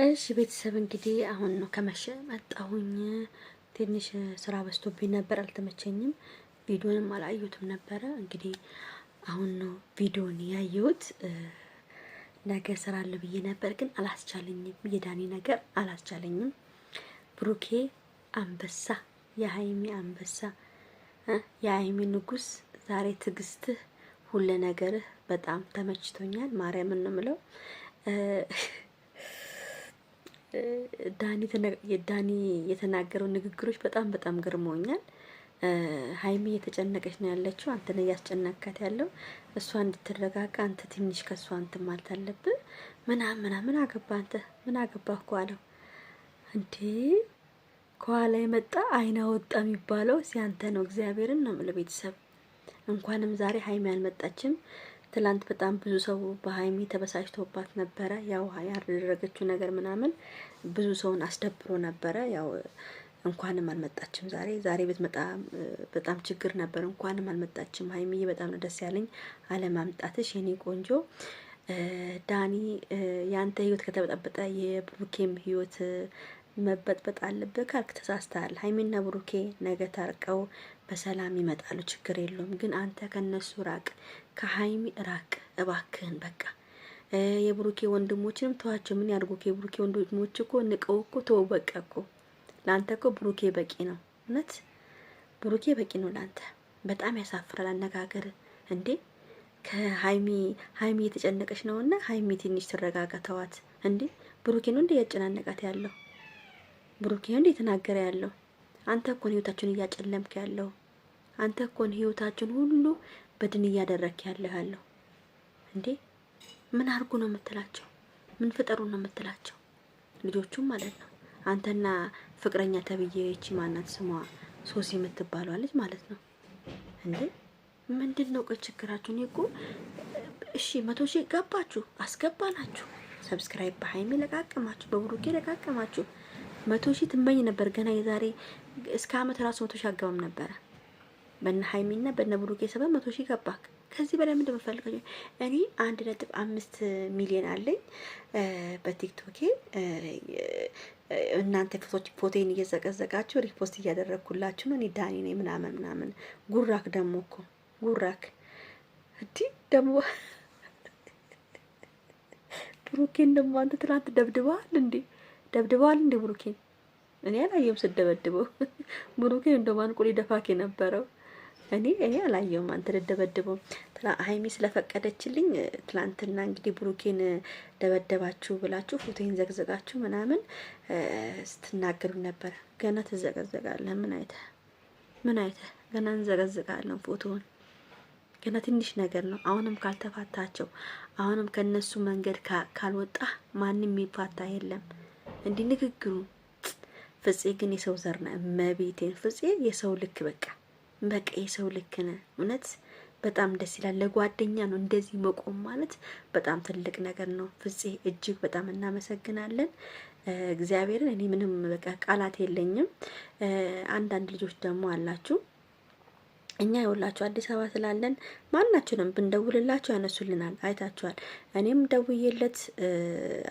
እሺ ቤተሰብ እንግዲህ አሁን ነው ከመሸ መጣሁኝ። ትንሽ ስራ በዝቶብኝ ነበር፣ አልተመቸኝም። ቪዲዮንም አላየሁትም ነበረ። እንግዲህ አሁን ነው ቪዲዮን ያየሁት። ነገ ስራ አለ ብዬ ነበር፣ ግን አላስቻለኝም። የዳኒ ነገር አላስቻለኝም። ብሩኬ አንበሳ፣ የሀይሚ አንበሳ፣ የሀይሚ ንጉስ፣ ዛሬ ትዕግስትህ፣ ሁለ ነገርህ በጣም ተመችቶኛል። ማርያምን ነው የምለው ዳኒ የተናገረው ንግግሮች በጣም በጣም ገርመውኛል። ሀይሚ እየተጨነቀች ነው ያለችው፣ አንተ ነው እያስጨነካት ያለው። እሷ እንድትረጋጋ አንተ ትንሽ ከእሷ እንትን ማለት አለብህ ምና ምና ምን አገባ አንተ ምን አገባ እኮ አለው እንዴ ከኋላ የመጣ አይና ወጣ የሚባለው ሲያንተ ነው። እግዚአብሔርን ነው የምለው ቤተሰብ። እንኳንም ዛሬ ሀይሚ አልመጣችም። ትላንት በጣም ብዙ ሰው በሀይሚ ተበሳጭቶባት ነበረ። ያው ያደረገችው ነገር ምናምን ብዙ ሰውን አስደብሮ ነበረ። ያው እንኳንም አልመጣችም ዛሬ ዛሬ ብትመጣ በጣም ችግር ነበር። እንኳንም አልመጣችም ሀይሚዬ፣ በጣም ነው ደስ ያለኝ አለማምጣትሽ የኔ ቆንጆ። ዳኒ ያንተ ህይወት ከተበጠበጠ የብሩኬም ህይወት መበጥበጥ አለብህ ካልክ ተሳስተሃል። ሀይሚና ብሩኬ ነገ ታርቀው በሰላም ይመጣሉ፣ ችግር የለውም። ግን አንተ ከነሱ ራቅ፣ ከሀይሚ ራቅ እባክህን። በቃ የብሩኬ ወንድሞችንም ተዋቸው። ምን ያድርጉ? የብሩኬ ወንድሞች እኮ ንቀው እኮ በቃ እኮ ለአንተ እኮ ብሩኬ በቂ ነው። እውነት ብሩኬ በቂ ነው ለአንተ። በጣም ያሳፍራል አነጋገር እንዴ ከሀይሚ ሀይሚ የተጨነቀች ነውና፣ ሀይሚ ትንሽ ትረጋጋ፣ ተዋት እንዴ። ብሩኬ ነው እንደ ያጨናነቃት ያለው? ብሩኬ እንዴ የተናገረ ያለው አንተ እኮ ነው ህይወታችሁን እያጨለምክ ያለው። አንተ እኮ ነው ህይወታችን ሁሉ በድን እያደረክ ያለው ያለው። እንዴ ምን አርጉ ነው የምትላቸው? ምን ፍጠሩ ነው የምትላቸው? ልጆቹም ማለት ነው አንተና ፍቅረኛ ተብዬ እቺ ማናት ስሟ ሶሲ የምትባለው ልጅ ማለት ነው። እንዴ ምንድን ነው ቆይ ችግራችሁን? እኮ እሺ መቶ ሺህ ገባችሁ አስገባናችሁ። ሰብስክራይብ በሀይሚ ለቃቀማችሁ፣ በብሩኬ ለቃቀማችሁ መቶ ሺህ ትመኝ ነበር። ገና የዛሬ እስከ አመት ራሱ መቶ ሺህ አገባም ነበረ። በነ ሀይሚና በነ ብሩኬ ሰበብ መቶ ሺህ ገባክ። ከዚህ በላይ ምንድን የምፈልገው እኔ አንድ ነጥብ አምስት ሚሊዮን አለኝ በቲክቶኬ። እናንተ ፎቶች ፎቴን እየዘቀዘቃችሁ ሪፖስት እያደረግኩላችሁ ነው። እኔ ዳኒ ነኝ ምናምን ምናምን። ጉራክ ደግሞ እኮ ጉራክ እዲ ደግሞ ብሩኬን ደግሞ አንተ ትናንት ደብድበሃል እንዴ? ደብድበዋል እንደ ብሩኬን እኔ አላየሁም ስትደበድበው። ብሩኬ እንደ ማንቁሌ ደፋክ የነበረው እኔ እኔ አላየሁም። አንተ ደደበድበው ሀይሚ ስለፈቀደችልኝ ትላንትና እንግዲህ ብሩኬን ደበደባችሁ ብላችሁ ፎቶን ዘግዘጋችሁ ምናምን ስትናገሩ ነበር። ገና ትዘቀዘቃለህ። ምን አይተህ ምን አይተህ ገና እንዘገዝጋለን ፎቶውን ገና ትንሽ ነገር ነው። አሁንም ካልተፋታቸው፣ አሁንም ከነሱ መንገድ ካልወጣ ማንም የሚፋታ የለም። እንዲህ ንግግሩ ፍፄ ግን የሰው ዘር ነ መቤቴን ፍፄ የሰው ልክ በቃ በቃ የሰው ልክ ነ እውነት በጣም ደስ ይላል። ለጓደኛ ነው እንደዚህ መቆም ማለት በጣም ትልቅ ነገር ነው። ፍፄ እጅግ በጣም እናመሰግናለን እግዚአብሔርን። እኔ ምንም በቃ ቃላት የለኝም። አንዳንድ ልጆች ደግሞ አላችሁ እኛ የወላችሁ አዲስ አበባ ስላለን ማናችንም ብንደውልላቸው ያነሱልናል። አይታችኋል። እኔም ደውዬለት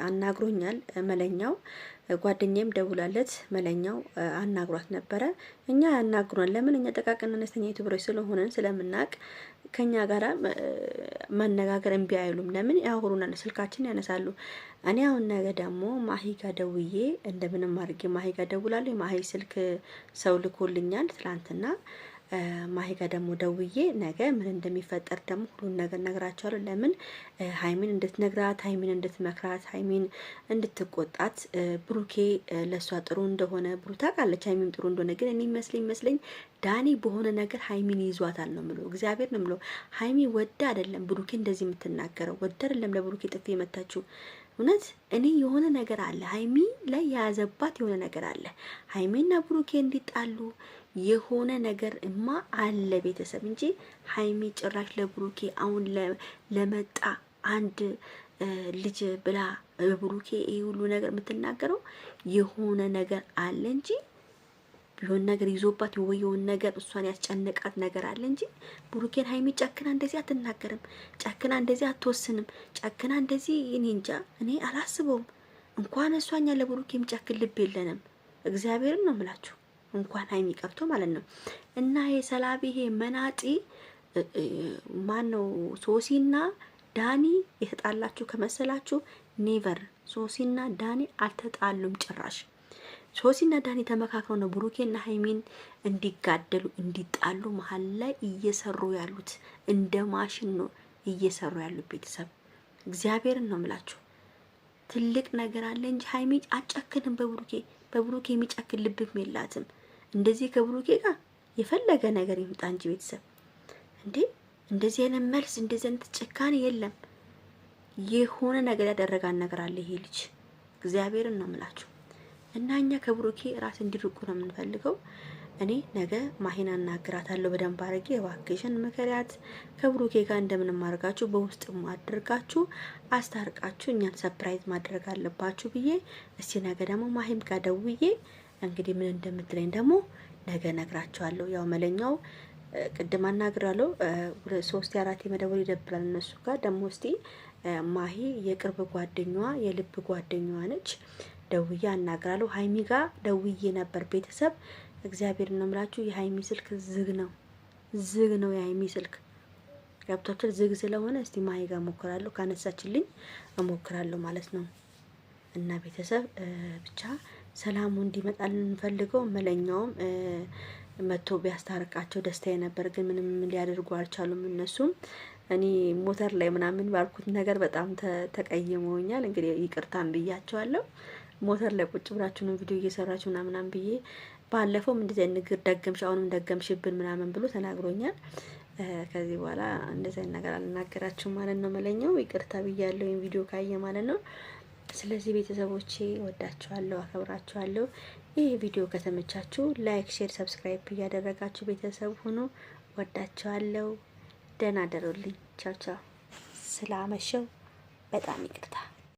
አናግሮኛል መለኛው ጓደኛዬም ደውላለት መለኛው አናግሯት ነበረ። እኛ ያናግሯል። ለምን እኛ ጠቃቅን አነስተኛ ዩቱበሮች ስለሆነን ስለምናቅ ከኛ ጋር መነጋገር እምቢ አይሉም። ለምን ያወሩናል፣ ስልካችን ያነሳሉ። እኔ አሁን ነገ ደግሞ ማሂ ጋ ደውዬ እንደምንም አድርጌ ማሂ ጋ ደውላለሁ። ማሂ ስልክ ሰው ልኮልኛል ትላንትና ማሂ ጋር ደግሞ ደውዬ ነገ ምን እንደሚፈጠር ደግሞ ሁሉን ነገር ነግራቸዋለሁ። ለምን ሀይሚን እንድትነግራት፣ ሀይሚን እንድትመክራት፣ ሀይሚን እንድትቆጣት ብሩኬ ለእሷ ጥሩ እንደሆነ ብሩ ታውቃለች። ሀይሚም ጥሩ እንደሆነ ግን እኔ ይመስለኝ ይመስለኝ ዳኒ በሆነ ነገር ሀይሚን ይዟታል ነው ምለው። እግዚአብሔር ነው ምለው። ሀይሚ ወደ አይደለም ብሩኬ እንደዚህ የምትናገረው ወደ አይደለም ለብሩኬ ጥፊ የመታችው እውነት እኔ የሆነ ነገር አለ ሀይሚ ላይ የያዘባት የሆነ ነገር አለ። ሀይሚና ብሩኬ እንዲጣሉ የሆነ ነገር እማ አለ ቤተሰብ እንጂ ሀይሚ ጭራሽ ለብሩኬ አሁን ለመጣ አንድ ልጅ ብላ ብሩኬ ይህ ሁሉ ነገር የምትናገረው የሆነ ነገር አለ እንጂ የሆነ ነገር ይዞባት የወየውን ነገር እሷን ያስጨነቃት ነገር አለ እንጂ ብሩኬን ሀይሚ ጨክና እንደዚህ አትናገርም። ጨክና እንደዚህ አትወስንም። ጨክና እንደዚህ እኔ እንጃ እኔ አላስበውም። እንኳን እሷኛ ለብሩኬ ጨክን ልብ የለንም። እግዚአብሔርን ነው ምላችሁ እንኳን ሀይሚ ቀርቶ ማለት ነው። እና ሰላቢ ይሄ መናጢ ማን ነው? ሶሲና ዳኒ የተጣላችሁ ከመሰላችሁ ኔቨር ሶሲና ዳኒ አልተጣሉም ጭራሽ። ሶሲና ዳኒ ተመካክረው ነው ብሩኬና ሀይሚን እንዲጋደሉ እንዲጣሉ መሀል ላይ እየሰሩ ያሉት። እንደ ማሽን ነው እየሰሩ ያሉት። ቤተሰብ እግዚአብሔርን ነው ምላችሁ። ትልቅ ነገር አለ እንጂ ሀይሚ አጨክንም። በብሩኬ በብሩኬ የሚጨክን ልብም የላትም። እንደዚህ ከብሩኬ ጋር የፈለገ ነገር ይምጣ እንጂ ቤተሰብ እንዴ እንደዚህ አይነት መልስ እንደዚህ አይነት ጭካኔ የለም። የሆነ ነገር ያደረጋን ነገር አለ ይሄ ልጅ። እግዚአብሔርን ነው ምላችሁ። እና እኛ ከብሩኬ ራስ እንዲርቁ ነው የምንፈልገው። እኔ ነገ ማሂን አናግራታለሁ በደንብ አድርጌ። እባክሽን ምክሪያት ከብሩኬ ጋር እንደምንም አድርጋችሁ በውስጥ አድርጋችሁ አስታርቃችሁ እኛን ሰፕራይዝ ማድረግ አለባችሁ ብዬ እስቲ ነገ ደግሞ ማሄም ጋር ደውዬ እንግዲህ ምን እንደምትለኝ ደግሞ ነገ ነግራችኋለሁ። ያው መለኛው ቅድም አናግራለሁ። ሶስት አራት የመደወል ይደብራል እነሱ ጋር ደግሞ እስቲ ማሄ የቅርብ ጓደኛዋ የልብ ጓደኛዋ ነች። ደውዬ አናግራለሁ። ሀይሚ ጋ ደውዬ ነበር። ቤተሰብ እግዚአብሔር ነው የምላችሁ። የሀይሚ ስልክ ዝግ ነው፣ ዝግ ነው የሀይሚ ስልክ ገብቷችን ዝግ ስለሆነ እስቲ ማይ ጋር እሞክራለሁ፣ ካነሳችልኝ እሞክራለሁ ማለት ነው። እና ቤተሰብ ብቻ ሰላሙ እንዲመጣልን እንፈልገው መለኛውም መቶ ቢያስታርቃቸው ደስታዬ ነበር። ግን ምንም ሊያደርጉ አልቻሉም። እነሱም እኔ ሞተር ላይ ምናምን ባልኩት ነገር በጣም ተቀይመውኛል። እንግዲህ ይቅርታን ብያቸዋለሁ። ሞተር ላይ ቁጭ ብላችሁ ነው ቪዲዮ እየሰራችሁ ና ምናምን ብዬ ባለፈውም እንደዚህ አይነት ንግግር ደገምሽ፣ አሁንም ደገምሽብን ምናምን ብሎ ተናግሮኛል። ከዚህ በኋላ እንደዚህ አይነት ነገር አልናገራችሁም ማለት ነው። መለኛው ይቅርታ ብያለሁ፣ ወይም ቪዲዮ ካየ ማለት ነው። ስለዚህ ቤተሰቦቼ ወዳችኋለሁ፣ አከብራችኋለሁ። ይህ ቪዲዮ ከተመቻችሁ ላይክ፣ ሼር፣ ሰብስክራይብ እያደረጋችሁ ቤተሰብ ሁኑ። ወዳችኋለሁ። ደህና ደሩልኝ። ቻው ቻው። ስላመሸው በጣም ይቅርታ